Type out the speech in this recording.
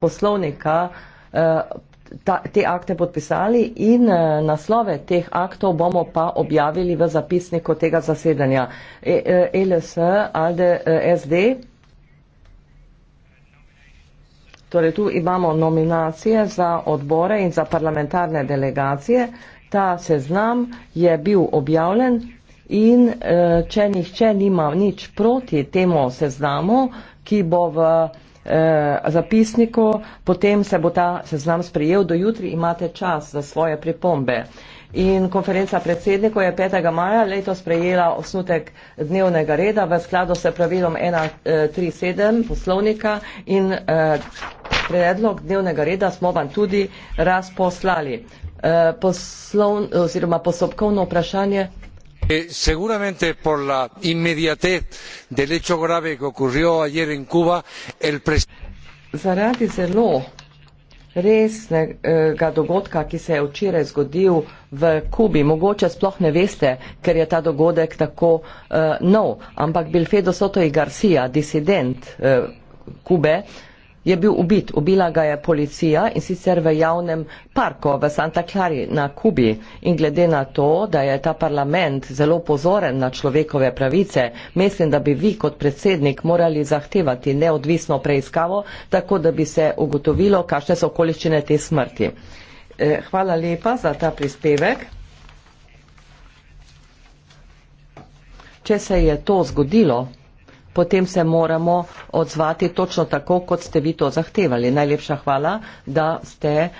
poslovnika eh, ta, te akte podpisali in eh, naslove teh aktov bomo pa objavili v zapisniku tega zasedanja. E, eh, LS, ALDE, SD. Torej, tu imamo nominacije za odbore in za parlamentarne delegacije. Ta seznam je bil objavljen in če nihče nima nič proti temu seznamu, ki bo v Eh, zapisniku, potem se bo ta seznam sprejel, do jutri imate čas za svoje pripombe. In konferenca predsednikov je 5. maja leto sprejela osnutek dnevnega reda v skladu s pravilom 137 poslovnika in eh, predlog dnevnega reda smo vam tudi razposlali. Eh, poslov, oziroma postopkovno vprašanje. Eh, seguramente por la inmediatez del hecho grave que ocurrió ayer en Cuba, el presidente. Eh, v Kubi, mogoče sploh ne veste, ker je ta dogodek tako uh, nov, ampak Bilfedo Soto je Garcia, disident uh, Kube, uh, je bil ubit. Ubila ga je policija in sicer v javnem parku v Santa Clari na Kubi. In glede na to, da je ta parlament zelo pozoren na človekove pravice, mislim, da bi vi kot predsednik morali zahtevati neodvisno preiskavo, tako da bi se ugotovilo, kakšne so okoliščine te smrti. Eh, hvala lepa za ta prispevek. Če se je to zgodilo, potem se moramo odzvati točno tako, kot ste vi to zahtevali. Najlepša hvala, da ste